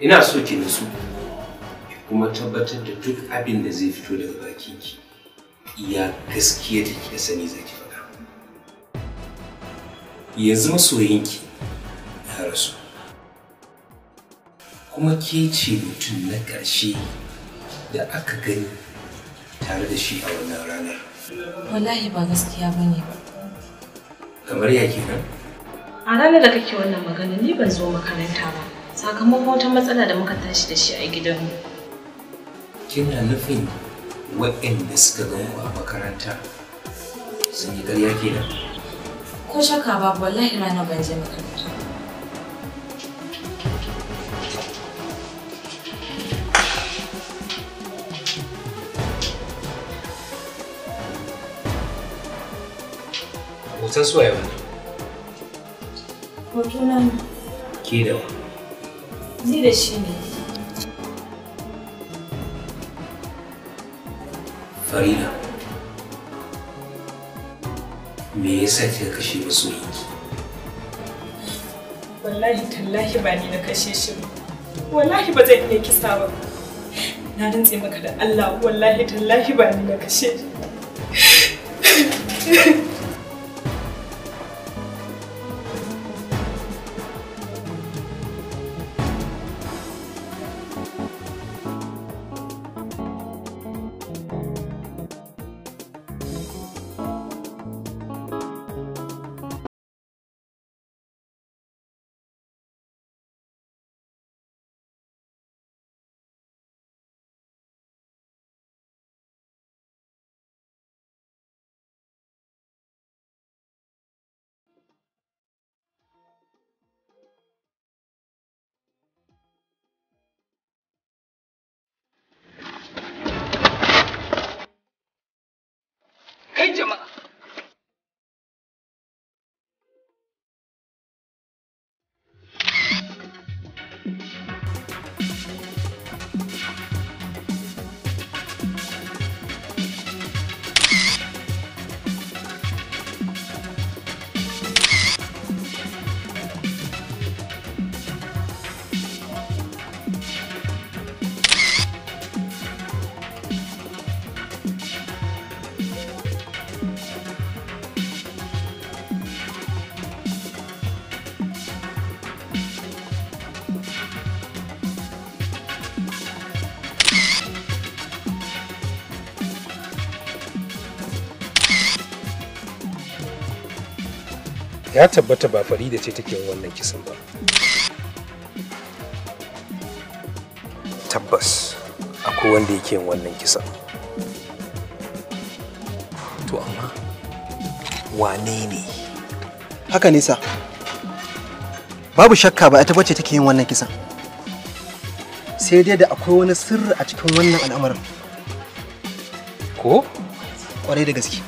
ina so ki nasu so, kuma tabbatar da duk abin da zai fito daga bakin ki iya gaskiya da kika sani za ki faɗa yanzu masoyinki ya rasu kuma ke ce mutum na ƙarshe da aka gani tare da shi a wannan ranar wallahi ba gaskiya ba ne ba kamar ya kenan a ranar da kake wannan magana ni ban zo makaranta ba sakamakon wata matsala da muka tashi da shi a gidan kina nufin waɗanda suka gan a makaranta sun yi ƙarya da. ko shaka ba wallahi rana ban je makaranta Hoton suwaye wani? Hotunan. Ke da wani. Ni da Farida, me yasa kika kashe masoyinki? Wallahi tallahi ba ni na kashe shi ba. Wallahi ba zan iya kisa ba. Na rantse maka da Allah wallahi tallahi ba ni na kashe shi. Medyo ya tabbata ba farida ce take wannan kisan ba tabbas akwai wanda yake wannan kisan to amma wane ne haka nisa babu shakka ba ita bace take yin wannan kisan sai dai da akwai wani sirri a cikin wannan al'amarin ko kwarai da gaske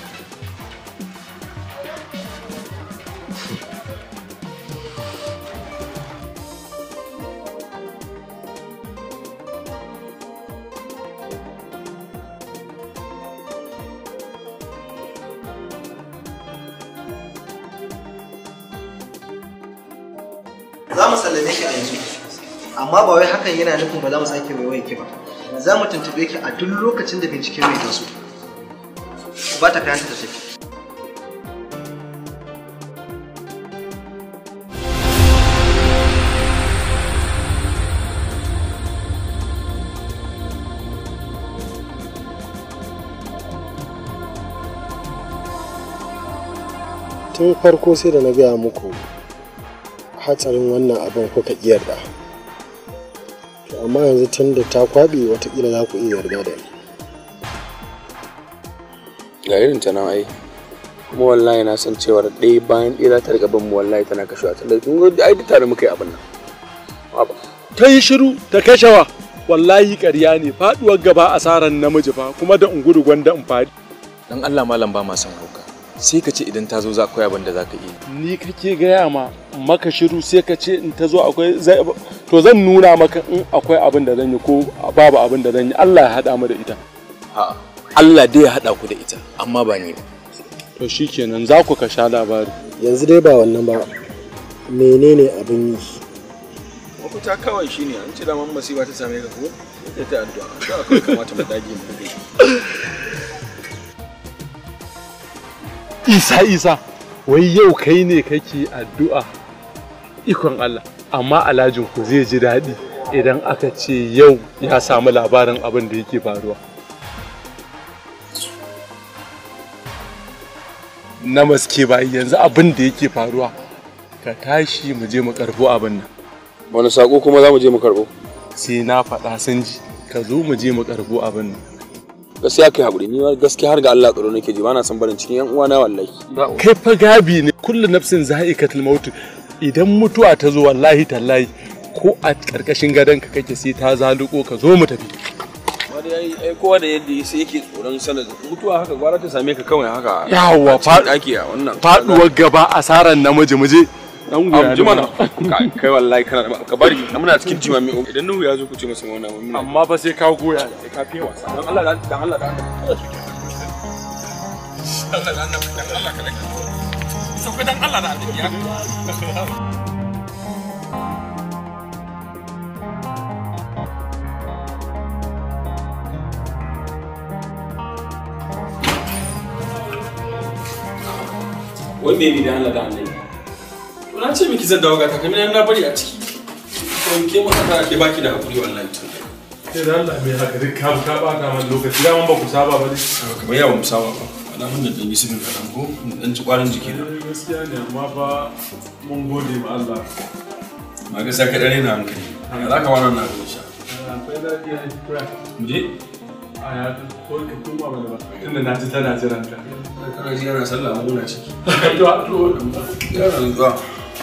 za mu sallame ki a yanzu amma ba wai hakan yana nufin ba za mu sake waiwaye ki ba za mu tuntube ki a duk lokacin da bincike mai taso ku ba ta kayan ta tafi tun farko sai da na gaya muku hatsarin wannan abin kuka ƙi yarda to amma yanzu tun da ta wata watakila za ku iya yarda da ni ga irin ta nan ai kuma wallahi na san cewar ɗaya bayan ɗaya za ta riga bin mu wallahi tana kashewa tun da ai da tare muka yi abin nan ta yi shiru ta kashewa wallahi ƙarya ne faɗuwar gaba asaran namiji fa kuma da ungudu gwanda in fadi dan Allah malam ba ma san hauka sai ka ce idan ta zo za akwai abin da za ka yi. ni kake gaya ma maka shiru sai ka ce in ta zo akwai to zan nuna maka in akwai abin da zan yi ko babu abin da zan yi Allah ya haɗa mu da ita ha Allah dai ya haɗa ku da ita amma ba ni To to shikenan za ku ka sha labari yanzu dai ba wannan ba menene abin yi mafita kawai shine an ce da ba ta same ka ko sai ta addu'a za kamata mu dage mu isa isa wai yau kai ne kake addu'a ikon Allah amma alhajin ku zai ji daɗi idan aka ce yau ya samu labarin abin da yake faruwa na maske ba yanzu abin da yake faruwa ka tashi mu je mu karbo abin nan wani sako kuma za mu je mu karbo sai na faɗa sanji ji ka zo mu je mu karbo abin nan gaskiya kai hakuri ni gaskiya har ga Allah tsaro nake ji ba na san barin cikin yan uwa na wallahi kai fa gabi ne kullu nafsin za'ikatul maut idan mutuwa ta zo wallahi tallahi ko a karkashin gadon ka kake sai ta zaluko ka zo mu tafi wani ai kowa da yadda sai yake tsoron sanar mutuwa haka gwara ta same ka kawai haka yawa faɗuwar gaba asaran namiji muje dan guya ji mana kai wallahi kana da ka bari muna cikin jima mai idan nuhu ya zo ku ce masa wannan mun amma fa sai ka goya sai ka fiye wasa dan Allah dan Allah dan Allah dan Allah dan Allah da Allah ya Wai ne da Allah Allah na ce miki zan dawo ga takalmi na bari a ciki kuma ke mu haka ke baki da hakuri wallahi tun sai da Allah mai haka duk ka ka ba ka man lokaci da ba ku saba ba ne kamar yawa mu saba ba alamun da dan yi sibin kadan ko dan ci kwarin jiki na eh, gaskiya ne amma fa mun gode ma Allah ma ga saka dare na hankali za ka wannan na sha. Eh, akwai lafiya ne kura mu je a ya ko ka kuma ba ba tunda na ji tana jiran ka kana ji yana sallah muna ciki to to yana zuwa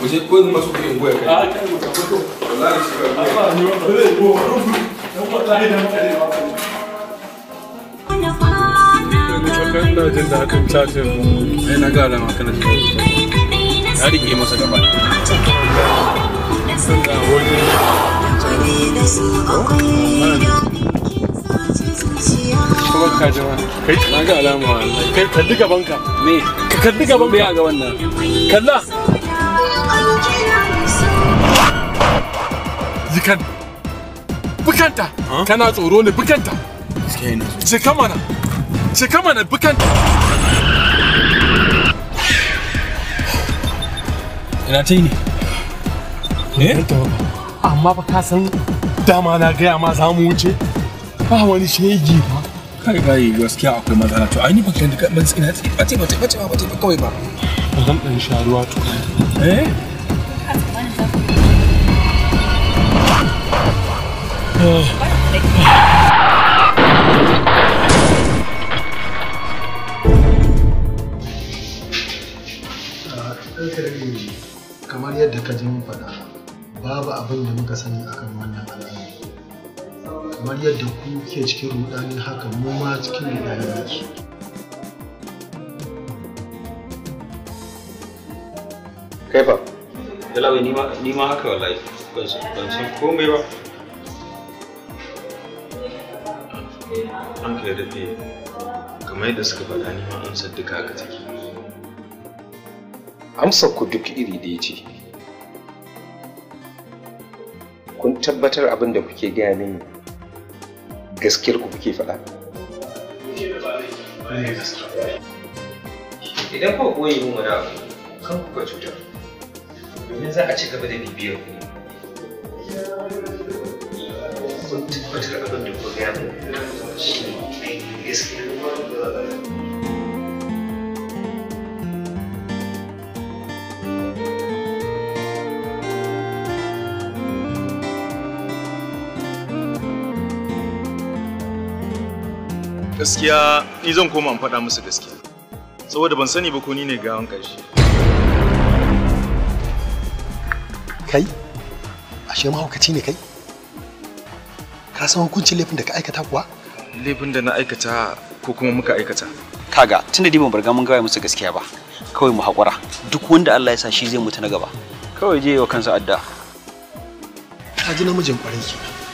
Você quando mais sobre o bueca? Ah, cara, mas eu tô. Olá, isso é. Ah, não, beleza, boa. Eu vou botar aí, não vou Kan da jin daɗin cacin ai na gara ma kana shi ya rike masa gaba sanda wani kuma ka ji ma kai na ga alama kai kalli gaban ka me ka kalli gaban ka ga wannan kalla Zikan, bukanta, kana tsoro ne bukanta. Cika mana, cika mana bukanta. Ina ta yi ne? Ne? Amma ba ka san dama na gaya ma za mu wuce. Ba wani shegi ba. Kai gaye gaskiya akwai matsala to ai ni ba kiran da ban tsina a ba ce ba ce ba ce ba kawai ba. zan ɗan sha ruwa Eh? kamar yadda ka ji faɗa babu abin da muka sani akan wannan al'amari kamar yadda ku ke cikin rudani haka mu ma cikin rudani ne kai fa yalawe ni ma haka wallahi ban san komai ba an kai daɗe kamar yadda suka faɗa ni ma san duka aka take amsar ku duk iri ɗaya ce kun tabbatar abin da kuke gaya mini gaskiyar ku kuke faɗa idan kuka koyi mu da kan kuka cutar domin za a ci gaba da bibiyar ku kun tabbatar abin da ku gaya mu shi ne gaskiya gaskiya ni zan koma in faɗa musu gaskiya saboda ban sani ba ko ni ne gawan ƙarshe kai ashe mahaukaci ne kai ka san hukuncin laifin da ka aikata kuwa laifin da na aikata ko kuma muka aikata kaga tunda dai barga mun gaya musu gaskiya ba kawai mu hakura duk wanda Allah ya sa shi zai mutu na gaba kawai je wa kansa adda ka ji namijin kwarai kenan